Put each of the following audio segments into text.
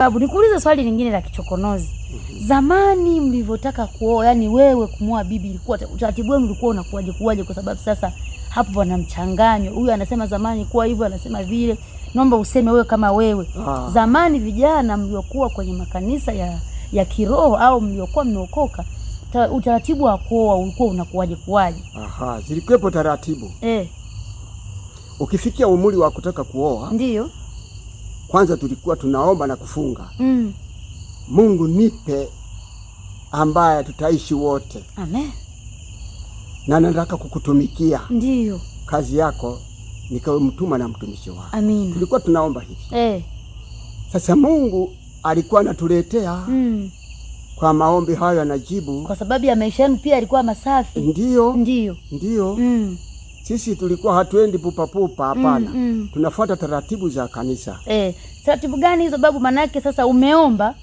Babu, nikuulize swali lingine la kichokonozi. Zamani mlivyotaka kuoa, yani wewe kumwoa bibi, ilikuwa utaratibu wenu ulikuwa unakuwaje kuwaje? Kwa sababu sasa hapo wana mchanganyo, huyu anasema zamani kuwa hivyo, anasema vile. Naomba useme wewe kama wewe ah. Zamani vijana mliokuwa kwenye makanisa ya ya kiroho au mliokuwa mmeokoka, utaratibu wa kuoa ulikuwa unakuwaje kuwaje? Aha, zilikuwepo taratibu eh. Ukifikia umri wa kutaka kuoa, ndio kwanza tulikuwa tunaomba na kufunga mm. Mungu nipe ambaye tutaishi wote. Amen. Na nataka kukutumikia. Ndiyo. Kazi yako nikawe mtuma na mtumishi wako. Tulikuwa tunaomba hivi eh. Sasa Mungu alikuwa anatuletea mm. kwa maombi hayo anajibu, kwa sababu ya maisha yenu pia alikuwa masafi. Ndiyo, ndiyo, ndiyo mm sisi tulikuwa hatuendi pupapupa, hapana. mm, mm. Tunafuata taratibu za kanisa. Eh, taratibu gani hizo babu? Maanake sasa umeomba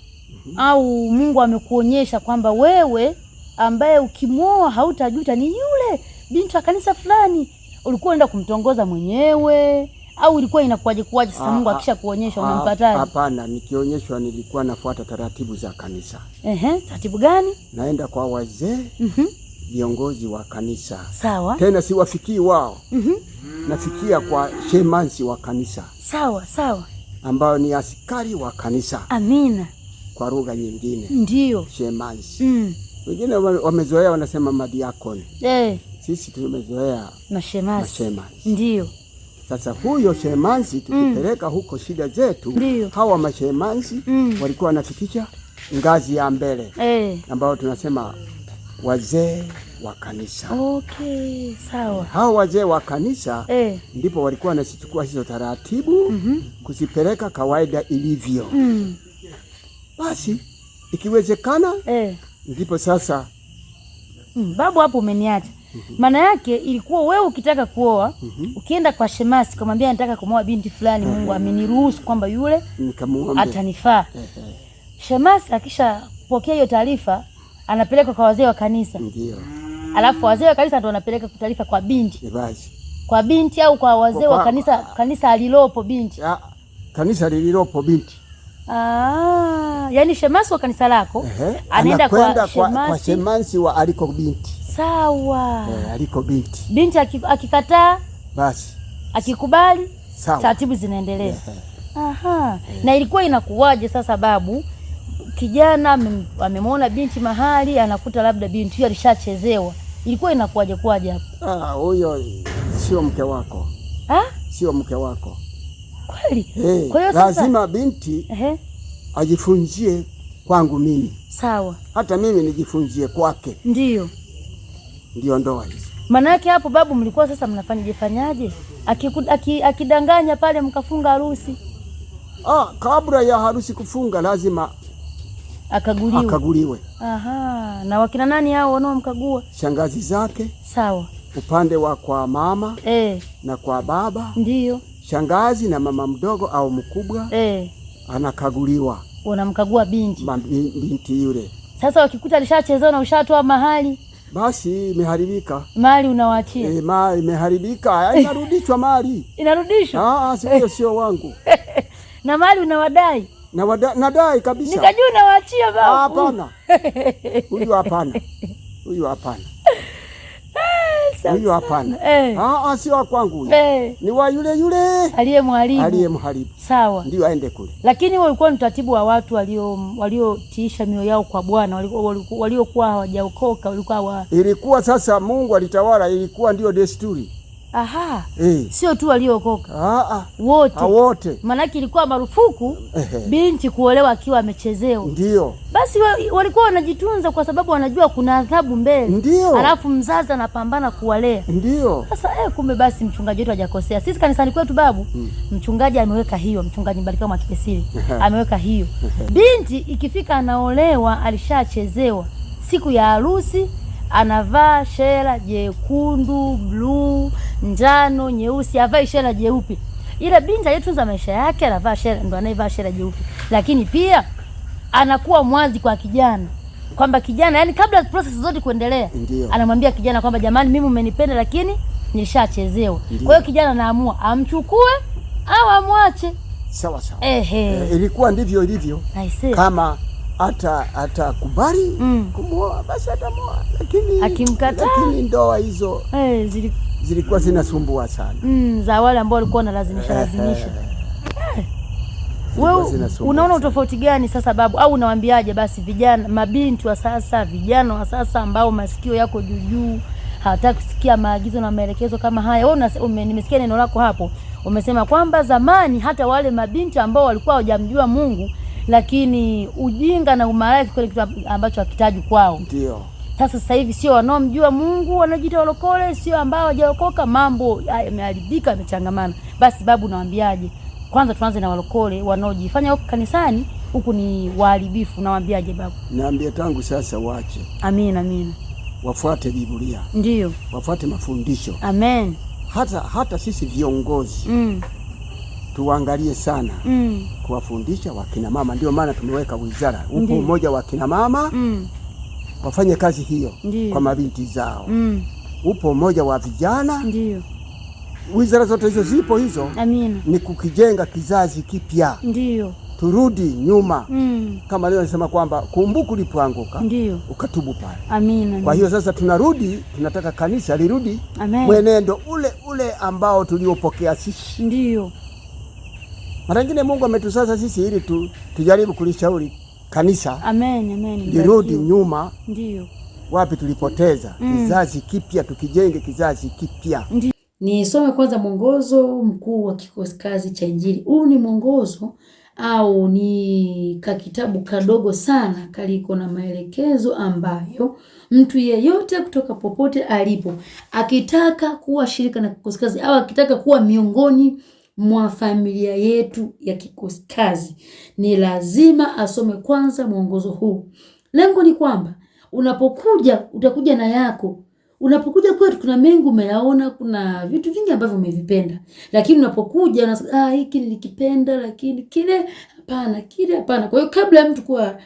mm -hmm. au Mungu amekuonyesha kwamba wewe ambaye ukimwoa hautajuta ni yule binti wa kanisa fulani, ulikuwa unaenda kumtongoza mwenyewe au ilikuwa inakuwaje kuwaje? Sasa ah, Mungu ah, akisha kuonyesha ah, unampataje? Hapana, nikionyeshwa nilikuwa nafuata taratibu za kanisa. Ehe, taratibu gani? Naenda kwa wazee mm -hmm viongozi wa kanisa sawa, tena siwafikii wao mm -hmm. nafikia kwa shemansi wa kanisa sawa sawa, ambao ni askari wa kanisa. Amina. Kwa lugha nyingine ndio shemansi mm. Wengine wamezoea wanasema madiakoni eh. Sisi tumezoea mashemasi, mashemasi. Ndio sasa huyo shemansi tukipeleka mm. huko shida zetu Ndiyo. hawa mashemansi mm. walikuwa wanafikisha ngazi ya mbele eh. ambayo tunasema wazee wa kanisa. Okay, sawa. Hao wazee wa kanisa eh, ndipo walikuwa wanazichukua hizo taratibu mm -hmm. kuzipeleka kawaida ilivyo mm. Basi ikiwezekana eh, ndipo sasa mm, babu hapo umeniacha mhm. maana yake ilikuwa wewe ukitaka kuoa mm -hmm. ukienda kwa shemasi kumwambia nataka kumwoa binti fulani mm -hmm. Mungu ameniruhusu kwamba yule atanifaa. Eh, eh. Shemasi akishapokea hiyo taarifa anapelekwa kwa wazee wa kanisa. Ndio. Alafu wazee wa kanisa ndio wanapeleka taarifa kwa binti. Basi. Kwa binti au kwa wazee wa kanisa kanisa alilopo binti. Ya, kanisa lililopo binti. Ah, yani shemasi wa kanisa lako anaenda kwa, kwa, shemasi. Kwa shemasi wa aliko binti. Sawa. Eh, aliko binti. Binti akikataa basi. Akikubali taratibu zinaendelea. Aha. Yeah. Na ilikuwa inakuwaje sasa babu? kijana amemwona binti mahali, anakuta labda binti hiyo alishachezewa, ilikuwa inakuwaje kuwaje hapo? Ah, huyo sio mke wako ha? Sio mke wako kweli? Hey, kwa hiyo sasa lazima binti ehe, ajifunjie kwangu mimi, sawa, hata mimi nijifunjie kwake, ndio ndio ndoa hizo. Maana yake hapo babu, mlikuwa sasa mnafanyaje fanyaje? Akidanganya pale mkafunga harusi? Ah, kabla ya harusi kufunga lazima akaguliwe, akaguliwe. Aha, na wakina nani hao wanaomkagua? Shangazi zake. Sawa, upande wa kwa mama e, na kwa baba ndio shangazi na mama mdogo au mkubwa e, anakaguliwa, wanamkagua binti binti yule. Sasa wakikuta alishachezea na ushatoa mahali basi imeharibika mali, unawaachia e, mali imeharibika, inarudishwa mali ah, inarudishwa. Ah, sio sio wangu na mali unawadai na wada, nadai kabisa nikajua nawaachia baba. Hapana, huyu hapana, huyu hapana, huyu hapana, ah, eh. ah, ah sio kwangu, eh. ni wa yule yule aliyemharibu, aliyemharibu. Sawa, ndio aende kule, lakini walikuwa ni taratibu wa watu walio waliotiisha mioyo yao kwa Bwana, waliokuwa hawajaokoka, walikuwa wa ilikuwa sasa, Mungu alitawala, ilikuwa ndio desturi Aha. Eh. Sio tu ah, ah. wote, ah, wote maanake ilikuwa marufuku Ehe. binti kuolewa akiwa amechezewa. Ndio basi walikuwa wanajitunza kwa sababu wanajua kuna adhabu mbele. Ndio alafu mzazi anapambana kuwalea. Ndio sasa eh, kumbe basi mchungaji wetu hajakosea. Sisi kanisani kwetu babu, hmm. mchungaji ameweka hiyo, mchungaji Mbarikiwa Mwakipesile ameweka hiyo, binti ikifika anaolewa alishachezewa siku ya harusi anavaa shela jekundu, bluu, njano, nyeusi, havai shela jeupe. Ile binti aliyetunza maisha yake anavaa shela, ndo anayevaa shela jeupe, lakini pia anakuwa mwazi kwa kijana kwamba kijana, yani kabla process zote kuendelea, anamwambia kijana kwamba jamani, mimi umenipenda, lakini nilishachezewa. Kwa hiyo kijana anaamua amchukue au amwache. Sawa sawa, ehe, eh, ilikuwa ndivyo ilivyo kama hata atakubali mm. kumwoa basi atamoa, lakini akimkataa, lakini ndoa hizo hey, eh, zili... zilikuwa zinasumbua sana mm, za wale ambao walikuwa wanalazimisha eh, lazimisha. Eh. Wewe unaona utofauti gani sasa babu, au unawaambiaje basi vijana mabinti wa sasa, vijana wa sasa ambao masikio yako juu, hawataki kusikia maagizo na maelekezo kama haya? Wewe nimesikia neno lako hapo, umesema kwamba zamani hata wale mabinti ambao walikuwa hawajamjua Mungu lakini ujinga na umalaiki kile kitu ambacho hakitaji kwao. Ndio sasa sasa hivi sio wanaomjua Mungu wanajiita walokole, sio ambao hawajaokoka. Mambo yameharibika, yamechangamana. Basi babu, nawaambiaje? Kwanza tuanze na walokole wanaojifanya huko kanisani huku ni waharibifu, nawaambiaje babu? Naambia tangu sasa waache. Amina, amina. Wafuate Biblia, ndio wafuate mafundisho. Amen. Hata hata sisi viongozi mm tuangalie sana mm. kuwafundisha wakina mama. Ndio maana tumeweka wizara huko, mmoja wa kina mama mm. wafanye kazi hiyo Ndiyo. kwa mabinti zao mm. upo mmoja wa vijana Ndiyo. Wizara zote hizo zipo hizo. Amina. Ni kukijenga kizazi kipya. Ndiyo. Turudi nyuma mm. kama leo nasema kwamba kumbuku ulipoanguka ukatubu pale. Amina. Kwa hiyo sasa tunarudi, tunataka kanisa lirudi Amen. mwenendo ule ule ambao tuliopokea sisi. ndio mara nyingine Mungu ametusasa sisi ili tu, tujaribu kulishauri kanisa amen, amen, lirudi nyuma, ndio wapi tulipoteza mm. Kizazi kipya tukijenge kizazi kipya. Nisome kwanza mwongozo mkuu wa kikosi kazi cha Injili. Huu ni mwongozo au ni kakitabu kadogo sana kaliko na maelekezo ambayo mtu yeyote kutoka popote alipo akitaka kuwa shirika na kikosi kazi au akitaka kuwa miongoni mwa familia yetu ya kikoskazi. Ni lazima asome kwanza mwongozo huu. Lengo ni kwamba unapokuja utakuja na yako. Unapokuja kwetu kuna mengi umeyaona, kuna vitu vingi ambavyo umevipenda, lakini unapokuja unasema ah, hiki nilikipenda, lakini kile hapana, kile hapana. Kwa hiyo kabla ya mtu kuwa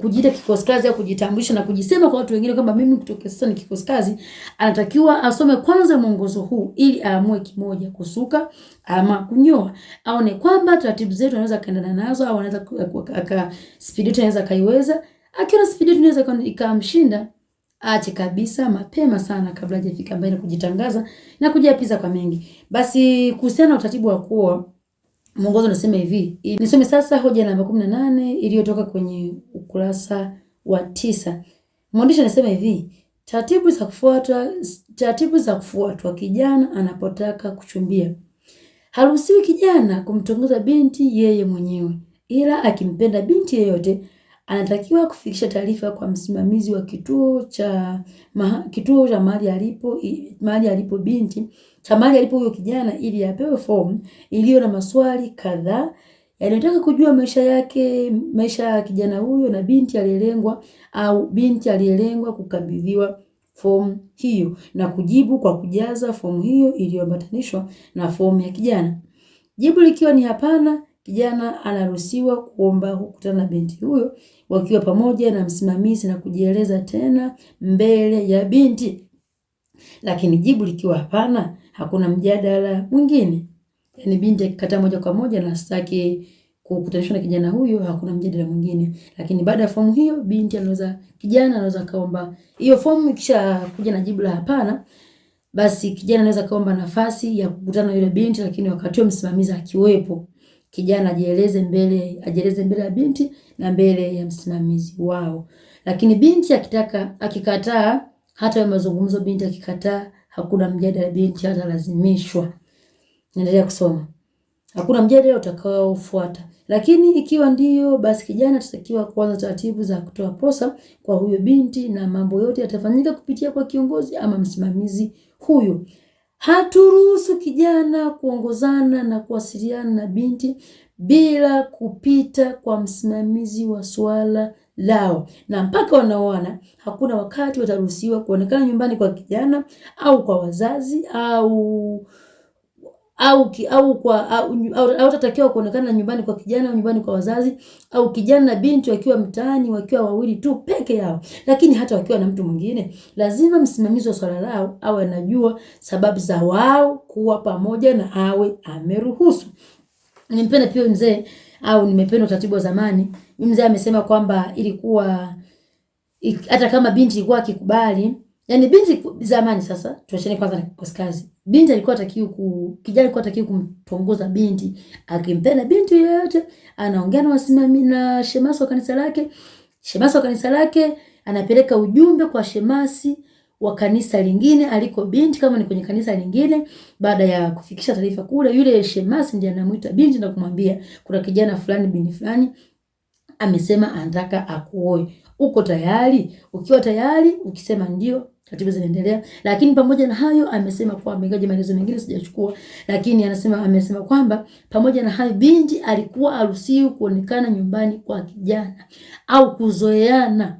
kujiita kikosi kazi au kujitambulisha na kujisema kwa watu wengine kwamba mimi kutoka sasa ni kikosi kazi, anatakiwa asome kwanza mwongozo huu ili aamue kimoja, kusuka ama kunyoa, aone kwamba taratibu zetu anaweza akaendana nazo au anaweza aka speed yetu anaweza kaiweza. Akiona speed yetu inaweza ikamshinda, aache kabisa mapema sana, kabla hajafika mbali na kujitangaza na kujiapiza kwa mengi. Basi kuhusiana na utaratibu wa kuoa Mwongozo unasema hivi, nisome sasa hoja namba kumi na nane iliyotoka kwenye ukurasa wa tisa. Mwandishi anasema hivi, taratibu za kufuatwa, taratibu za kufuatwa kijana anapotaka kuchumbia. Haruhusiwi kijana kumtongoza binti yeye mwenyewe, ila akimpenda binti yeyote anatakiwa kufikisha taarifa kwa msimamizi wa kituo cha kituo cha mahali alipo mahali alipo binti cha mahali alipo huyo kijana, ili apewe fomu iliyo na maswali kadhaa yanayotaka kujua maisha yake, maisha ya kijana huyo na binti aliyelengwa au binti aliyelengwa kukabidhiwa fomu hiyo na kujibu kwa kujaza fomu hiyo iliyoambatanishwa na fomu ya kijana, jibu likiwa ni hapana Kijana anaruhusiwa kuomba kukutana na binti huyo wakiwa pamoja na msimamizi na kujieleza tena mbele ya binti, lakini jibu likiwa hapana, hakuna mjadala mwingine. Yani binti akikataa moja kwa moja na sitaki kukutanishwa na kijana huyo, hakuna mjadala mwingine. Lakini baada ya fomu hiyo, binti anaweza, kijana anaweza kaomba hiyo fomu. Ikisha kuja na jibu la hapana, basi kijana anaweza kaomba nafasi ya kukutana na yule binti, lakini wakati huo msimamizi akiwepo kijana ajieleze mbele, ajieleze mbele ya binti na mbele ya msimamizi wao. Lakini binti akitaka, akikataa, hata mazungumzo, binti akikataa, hakuna mjadala, binti lazimishwa. Endelea kusoma. Hakuna mjadala utakaofuata. Lakini ikiwa ndiyo, basi kijana atatakiwa kuanza taratibu za kutoa posa kwa huyo binti, na mambo yote yatafanyika kupitia kwa kiongozi ama msimamizi huyo. Haturuhusu kijana kuongozana na kuwasiliana na binti bila kupita kwa msimamizi wa suala lao, na mpaka wanaoana hakuna wakati wataruhusiwa kuonekana nyumbani kwa kijana au kwa wazazi au au ki, au kwa au, au kuonekana nyumbani kwa kijana au nyumbani kwa wazazi au kijana na binti wakiwa mtaani wakiwa wawili tu peke yao, lakini hata wakiwa na mtu mwingine, lazima msimamizi wa swala lao awe anajua sababu za wao kuwa pamoja na awe ameruhusu. Nimpenda pia mzee au nimependa utaratibu wa zamani. Mzee amesema kwamba ilikuwa hata kama binti ilikuwa akikubali Yaani binti zamani, sasa tuachane kwanza na kikosi kazi. Binti alikuwa atakiwi ku kijana alikuwa atakiwi kumtongoza binti, akimpenda binti yeyote, anaongea na wasimamizi na shemasi wa kanisa lake, shemasi wa kanisa lake anapeleka ujumbe kwa shemasi wa kanisa lingine aliko binti, kama ni kwenye kanisa lingine. Baada ya kufikisha taarifa kule, yule shemasi ndiye anamuita binti na kumwambia kuna kijana fulani, binti fulani amesema anataka akuoe. Uko tayari? Ukiwa tayari, ukisema ndio, taratibu zinaendelea. Lakini pamoja na hayo amesema kwamba, ingawa maelezo mengine sijachukua, lakini anasema amesema kwamba pamoja na hayo binti alikuwa haruhusiwi kuonekana nyumbani kwa kijana au kuzoeana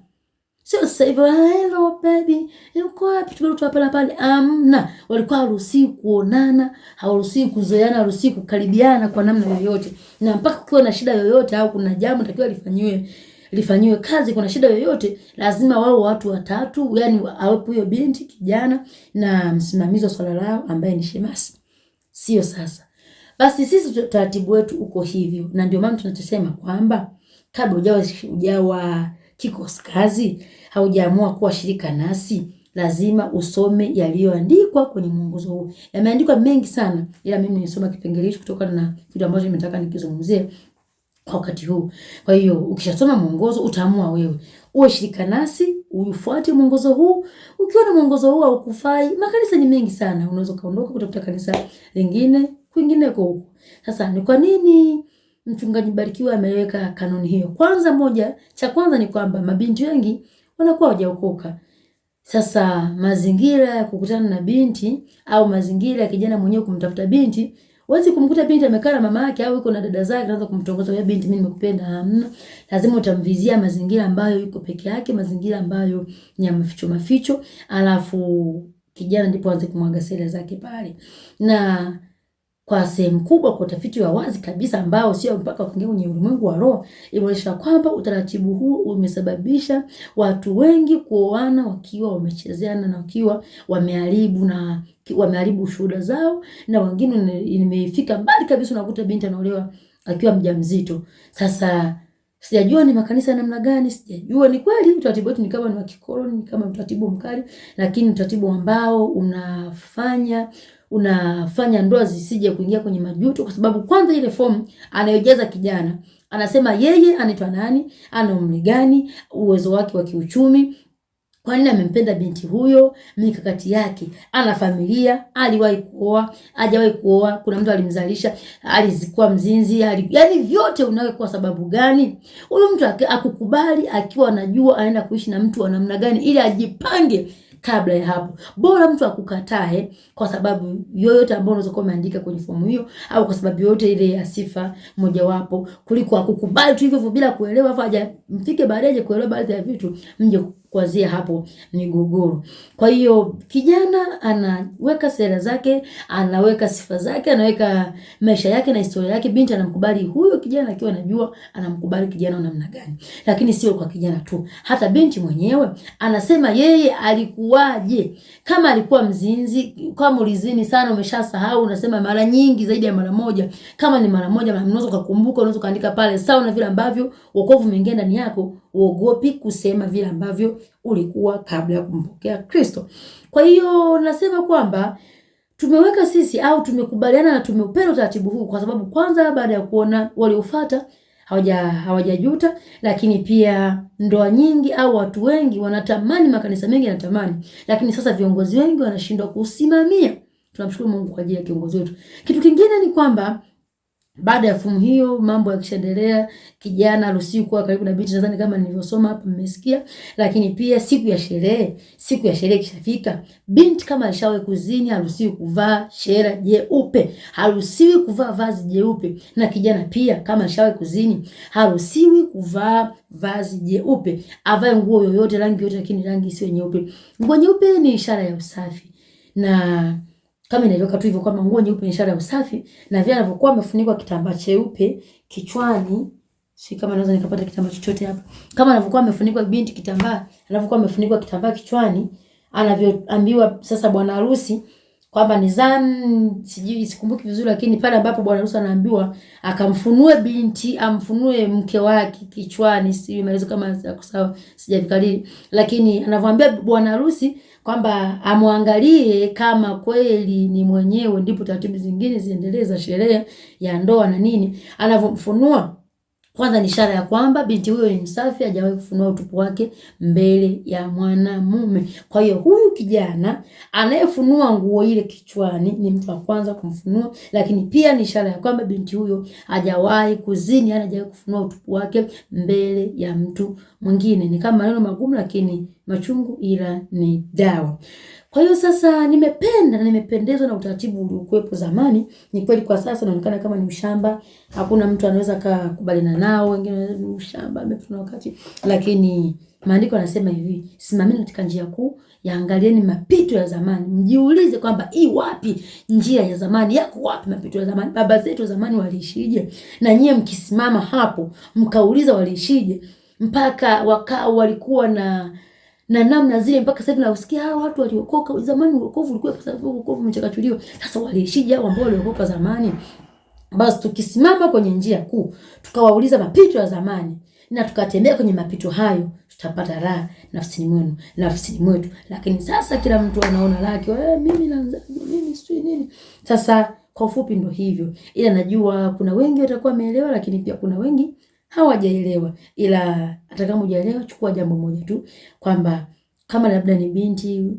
Sio sasa hivi ah, hello baby, yuko wapi? tu hapa pale. Amna, walikuwa haruhusiwi kuonana, hawaruhusiwi kuzoeana, haruhusiwi kukaribiana kwa namna yoyote, na mpaka ukiwa na shida yoyote au kuna jambo takiwa lifanyiwe lifanyiwe kazi. Kuna shida yoyote, lazima wao watu watatu, yani awepo huyo binti kijana na msimamizi wa swala lao ambaye ni shemasi, sio sasa. Basi sisi utaratibu wetu uko hivyo, na ndio maana tunachosema kwamba kabla ujawa, ujawa kikosi kazi, haujaamua kuwa shirika nasi lazima usome yaliyoandikwa kwenye mwongozo huu. Yameandikwa mengi sana, ila mimi nimesoma kipengele hicho kutokana na kitu ambacho nimetaka nikizungumzie kwa wakati huu. Kwa hiyo ukishasoma mwongozo utaamua wewe uwe shirika nasi, ufuate mwongozo huu. Ukiona mwongozo huu haukufai, makanisa ni mengi sana, unaweza kaondoka kutafuta kanisa lingine kwingineko huko. Sasa ni kwa nini mchungaji Barikiwa ameweka kanuni hiyo? Kwanza, moja cha kwanza ni kwamba mabinti wengi wanakuwa hawajaokoka. Sasa mazingira ya kukutana na binti au mazingira ya kijana mwenyewe kumtafuta binti Huwezi kumkuta binti amekaa na mama yake au yuko na dada zake anaanza kumtongoza ya binti, mimi nimekupenda. Hamna, lazima utamvizia mazingira ambayo yuko peke yake, mazingira ambayo ni ya maficho maficho, alafu kijana ndipo aanze kumwaga sera zake pale na kwa sehemu kubwa, kwa utafiti wa wazi kabisa ambao sio mpaka kuingia kwenye ulimwengu wa roho, imeonyesha kwamba utaratibu huu umesababisha watu wengi kuoana wakiwa wamechezeana na wakiwa wameharibu na wameharibu shuhuda zao, na wengine imefika mbali kabisa, unakuta binti anaolewa akiwa mjamzito. Sasa sijajua ni makanisa namna gani, sijajua ni kweli utaratibu wetu ni kama ni wa kikoloni, kama utaratibu mkali, lakini utaratibu ambao unafanya unafanya ndoa zisije kuingia kwenye majuto, kwa sababu kwanza ile fomu anayojaza kijana anasema yeye anaitwa nani, ana umri gani, uwezo wake wa kiuchumi kwa nini amempenda binti huyo, mikakati yake, ana familia, aliwahi kuoa, hajawahi kuoa, kuna mtu alimzalisha, alizikuwa mzinzi, ali... yani vyote unawe kwa sababu gani? Huyu mtu akukubali akiwa anajua anaenda kuishi na mtu wa namna gani, ili ajipange kabla ya hapo. Bora mtu akukatae kwa sababu yoyote ambayo unaweza kuwa umeandika kwenye fomu hiyo, au kwa sababu yoyote ile ya sifa mojawapo, kuliko akukubali tu hivyo bila kuelewa, haja mfike baadaye kuelewa baadhi ya vitu mje kuanzia hapo migogoro. Kwa hiyo kijana anaweka sera zake, anaweka sifa zake, anaweka maisha yake na historia yake. Binti anamkubali huyo kijana akiwa anajua anamkubali kijana wa namna gani, lakini sio kwa kijana tu, hata binti mwenyewe anasema yeye alikuwaje. Kama alikuwa mzinzi, kama ulizini sana, umeshasahau, unasema mara nyingi zaidi ya mara moja. Kama ni mara moja, unaweza kukumbuka, unaweza ukaandika pale, sawa na vile ambavyo wokovu umeingia ndani yako uogopi kusema vile ambavyo ulikuwa kabla ya kumpokea Kristo. Kwa hiyo nasema kwamba tumeweka sisi au tumekubaliana na tumeupenda utaratibu huu kwa sababu kwanza, baada ya kuona waliofuata hawaja hawajajuta, lakini pia ndoa nyingi au watu wengi wanatamani, makanisa mengi yanatamani, lakini sasa viongozi wengi wanashindwa kusimamia. Tunamshukuru Mungu kwa ajili ya kiongozi wetu. Kitu kingine ni kwamba baada ya fomu hiyo, mambo yakishaendelea, kijana haruhusiwi kuwa karibu na binti, nadhani kama nilivyosoma hapa mmesikia. Lakini pia siku ya sherehe, siku ya sherehe ikishafika, binti kama alishawahi kuzini, haruhusiwi kuvaa shera jeupe, haruhusiwi kuvaa vazi jeupe, na kijana pia kama alishawahi kuzini, haruhusiwi kuvaa vazi jeupe, avae nguo yoyote rangi yoyote, lakini rangi isiyo nyeupe. Nguo nyeupe ni ishara ya usafi na kama inaeleweka tu hivyo kwamba nguo nyeupe ni ishara ya usafi na vile anavyokuwa amefunikwa kitambaa cheupe kichwani. Si kama naweza nikapata kitambaa chochote hapo. Kama anavyokuwa amefunikwa binti kitambaa, anavyokuwa amefunikwa kitambaa kichwani, anavyoambiwa sasa bwana harusi kwamba nizam, sijui sikumbuki vizuri, lakini pale ambapo bwana harusi anaambiwa akamfunue binti, amfunue mke wake kichwani, si maelezo kama sawa, sijavikariri, lakini anavyoambia bwana harusi kwamba amwangalie kama kweli ni mwenyewe, ndipo taratibu zingine ziendelee za sherehe ya ndoa na nini. anavyomfunua kwanza ni ishara ya kwamba binti huyo ni msafi, hajawahi kufunua utupu wake mbele ya mwanamume. Kwa hiyo huyu kijana anayefunua nguo ile kichwani ni mtu wa kwanza kumfunua, lakini pia ni ishara ya kwamba binti huyo hajawahi kuzini, yani hajawahi kufunua utupu wake mbele ya mtu mwingine. Ni kama maneno magumu, lakini machungu ila ni dawa. Kwa hiyo sasa nimependa na nimependezwa na utaratibu uliokuwepo zamani. Ni kweli kwa sasa naonekana kama ni ushamba, hakuna mtu anaweza akakubaliana nao, wengine ni ushamba umepitwa wakati, lakini maandiko yanasema hivi, simameni katika njia kuu, yaangalieni mapito ya zamani, mjiulize kwamba hii wapi njia ya zamani yako, wapi mapito ya zamani, baba zetu zamani waliishije? Na nyie mkisimama hapo mkauliza waliishije, mpaka wakao walikuwa na na namna zile mpaka sasa hivi nausikia hao watu waliokoka zamani, wokovu ulikuwa kwa sababu wokovu umechakachuliwa. Sasa waliishije hao ambao waliokoka zamani? Basi tukisimama kwenye njia kuu, tukawauliza mapito ya zamani na tukatembea kwenye mapito hayo, tutapata raha nafsini mwenu nafsini mwetu. Lakini sasa kila mtu anaona lake, eh, mimi nanzaje, mimi sijui nini. Sasa kwa ufupi, ndo hivyo, ila najua kuna wengi watakuwa wameelewa, lakini pia kuna wengi hawajaelewa. Ila hata kama hujaelewa, chukua jambo moja tu kwamba kama labda ni binti,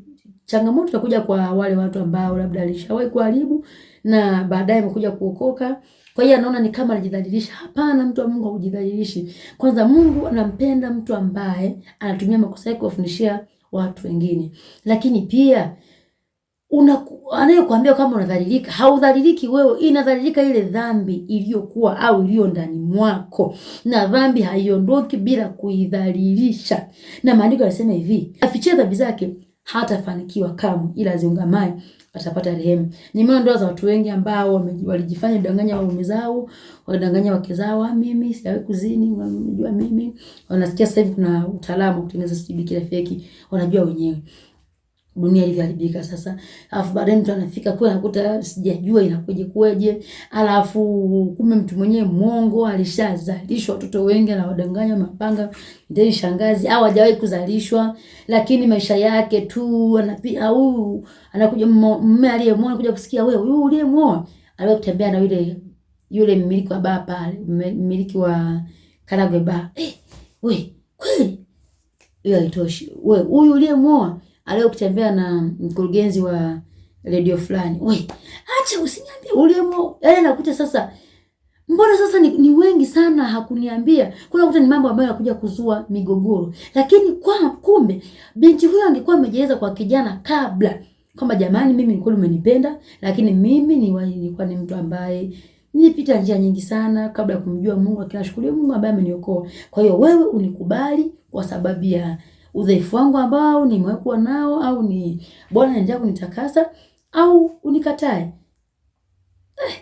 changamoto itakuja kwa wale watu ambao labda alishawahi kuharibu na baadaye amekuja kuokoka. Kwa hiyo anaona ni kama anajidhalilisha. Hapana, mtu wa Mungu hakujidhalilishi. Kwanza Mungu anampenda mtu ambaye anatumia makosa yake kuwafundishia watu wengine, lakini pia anayekuambia kwamba unadhalilika, haudhaliliki wewe, inadhalilika ile dhambi iliyokuwa au iliyo ndani mwako, na dhambi haiondoki bila kuidhalilisha. Na maandiko yanasema hivi, afichie dhambi zake hatafanikiwa kamwe, ila aziungamaye atapata rehemu. Ni maana ndoa za watu wengi ambao walijifanya danganya waume zao, wadanganya wake zao, ah, mimi sijawahi kuzini, unajua mimi. Wanasikia sasa hivi kuna utaalamu wa kutengeneza sijui bikira feki, wanajua wenyewe dunia ilivyoharibika sasa. Alafu baadaye mtu anafika kule anakuta ah, sijajua inakuja kueje, alafu kumbe mtu mwenyewe mwongo, alishazalishwa watoto wengi na wadanganya mapanga ndio shangazi, au ah, hajawahi kuzalishwa, lakini maisha yake tu anapia au anakuja mume aliyemwona kuja kusikia wewe huyu uliyemwona alikuwa kutembea na yule yule mmiliki wa baa pale, mmiliki wa Karagwe baa. Eh, we kweli hiyo haitoshi, we huyu uliyemwoa Aleo ukitembea na mkurugenzi wa redio fulani, we acha usiniambie uliemo. Yaani nakuta sasa, mbona sasa ni, ni wengi sana hakuniambia. Kuna kuta ni mambo ambayo yanakuja kuzua migogoro, lakini kwa kumbe binti huyo angekuwa amejieleza kwa kijana kabla kwamba jamani, mimi nilikuwa nimenipenda, lakini mimi ni nilikuwa ni mtu ambaye nilipita njia nyingi sana kabla ya kumjua Mungu, akinashukuria Mungu ambaye ameniokoa. Kwa hiyo wewe unikubali kwa sababu ya udhaifu wangu ambao nimewekwa nao, au ni Bwana anaendelea kunitakasa au unikatae eh.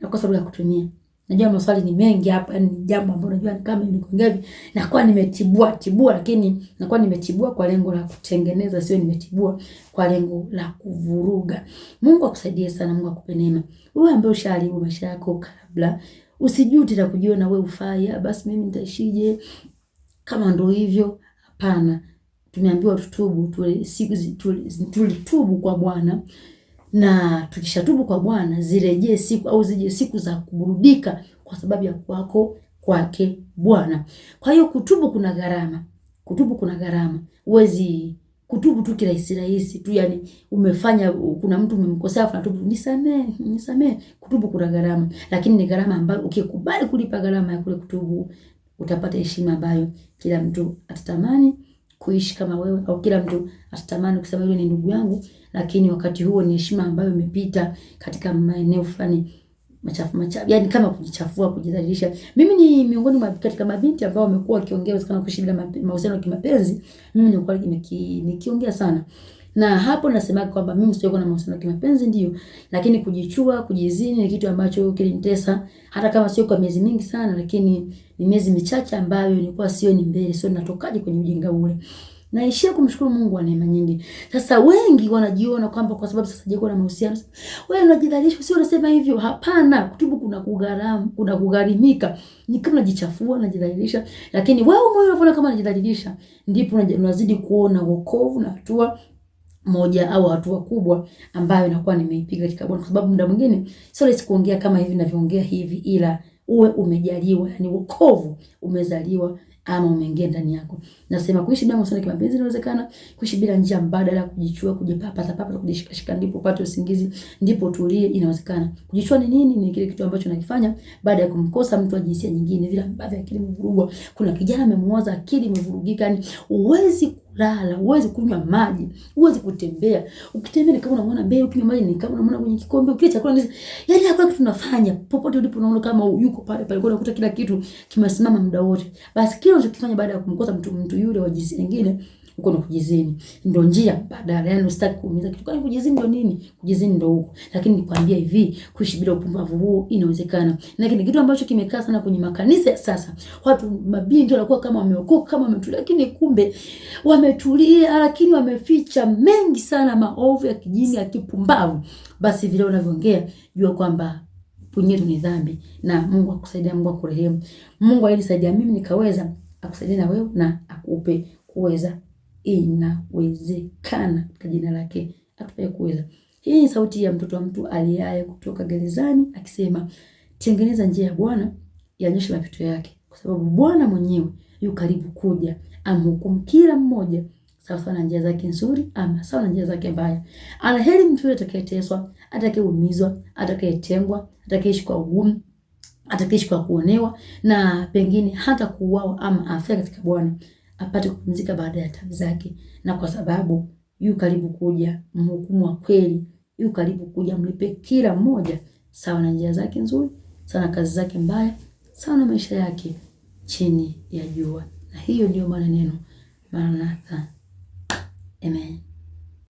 na kwa sababu ya kutumia. Najua maswali ni mengi hapa, ni jambo ambalo najua kama nilikuongea hivi kwa nimetibua tibua, lakini na kwa nimetibua kwa lengo la kutengeneza, sio nimetibua kwa lengo la kuvuruga. Mungu akusaidie sana, Mungu akupe neema. Wewe ambaye ushaharibu maisha yako kabla, usijute na kujiona wewe ufaya, ah, basi mimi nitaishije? Kama ndio hivyo Hapana, tumeambiwa tutubu, tulitubu kwa Bwana na tukishatubu kwa Bwana zirejee siku au zije siku za kuburudika kwa sababu ya kwako kwake Bwana. Kwa hiyo kutubu kuna gharama, kutubu kuna gharama, huwezi kutubu tu kirahisi rahisi tu, yani umefanya, kuna mtu umemkosea afu natubu, nisamee nisamee. Kutubu kuna gharama, lakini ni gharama ambayo ukikubali kulipa gharama ya kule kutubu utapata heshima ambayo kila mtu atatamani kuishi kama wewe, au kila mtu atatamani kusema yule ni ndugu yangu, lakini wakati huo ni heshima ambayo imepita katika maeneo fulani machafu machafu, yani kama kujichafua, kujidhalilisha. Mimi ni miongoni mwa katika mabinti ambao wamekuwa wakiongea sana kuishi bila mahusiano ya kimapenzi. Mimi nilikuwa nikiongea sana na hapo nasema kwamba mimi sio na mahusiano ya kimapenzi ndio, lakini kujichua, kujizini ni kitu ambacho kilinitesa, hata kama sio kwa miezi mingi sana, lakini ni miezi michache ambayo nilikuwa ni mbele, sio natokaje kwenye ujinga ule. Naishia kumshukuru Mungu kwa neema nyingi. Sasa wengi wanajiona kwamba kwa sababu sasa jiko na mahusiano. Wewe unajidhalilisha, sio unasema hivyo. Hapana, kutubu kuna kugharamu, kuna kugharimika. Ni kama unajichafua, unajidhalilisha, lakini wewe moyo unaona kama unajidhalilisha, ndipo unazidi kuona wokovu na hatua moja au hatua kubwa ambayo inakuwa nimeipiga katika Bwana, kwa sababu muda mwingine sio rahisi kuongea kama hivi ninavyoongea hivi, ila uwe umejaliwa, yani wokovu umezaliwa ama umeingia ndani yako. Nasema kuishi bila mahusiano kimapenzi inawezekana, kuishi bila njia mbadala, kujichua, kujipapasa papasa, kujishikashika ndipo upate usingizi, ndipo utulie, inawezekana. Kujichua ni nini? Ni kile kitu ambacho nakifanya baada ya kumkosa mtu wa jinsia nyingine, vile ambavyo akili imevurugwa. Kuna kijana amemwoza, akili imevurugika, yani uwezi lala uwezi kunywa maji, uwezi kutembea. Ukitembea ni kama unaona bei, ukinywa maji ni kama unaona kwenye kikombe, ukile chakula ni yani, hakuna kitu tunafanya. Popote ulipo unaona kama yuko pale pale, kwa unakuta kila kitu kimesimama muda wote. Basi kile unachokifanya baada ya kumkosa mtu mtu yule wa jinsi nyingine huko ni kujizini, ndo njia badala. Yani usitaki kuumiza kitu, kwani kujizini ndo nini? Kujizini ndo huko. Lakini nikwambia hivi, kuishi bila upumbavu huu inawezekana, na kile kitu ambacho kimekaa sana kwenye makanisa ya sasa, watu mabinti wanakuwa kama wameokoka kama wametulia, lakini kumbe wametulia, lakini wameficha mengi sana maovu ya kijini ya kipumbavu. Basi vile unavyoongea, jua kwamba punyetu ni dhambi, na Mungu akusaidia, Mungu akurehemu, Mungu alinisaidia mimi nikaweza, akusaidia na wewe na akupe kuweza inawezekana katika jina lake atakaye kuweza. Hii ni sauti ya mtoto wa mtu aliaye kutoka gerezani akisema, tengeneza njia ya Bwana, yaonyeshe mapito yake, kwa sababu Bwana mwenyewe yu karibu kuja, amhukumu kila mmoja sawasawa na njia zake nzuri, ama sawa na njia zake mbaya. Anaheri mtu yule atakayeteswa, atakayeumizwa, atakayetengwa, atakayeishi kwa ugumu, atakayeishi kwa kuonewa na pengine hata kuuawa, ama afya katika Bwana apate kupumzika baada ya tabu zake, na kwa sababu yu karibu kuja mhukumu wa kweli, yu karibu kuja, mlipe kila mmoja sawa na njia zake nzuri, sawa na kazi zake mbaya, sawa na maisha yake chini ya jua. Na hiyo ndiyo maana neno Maranatha. Amen.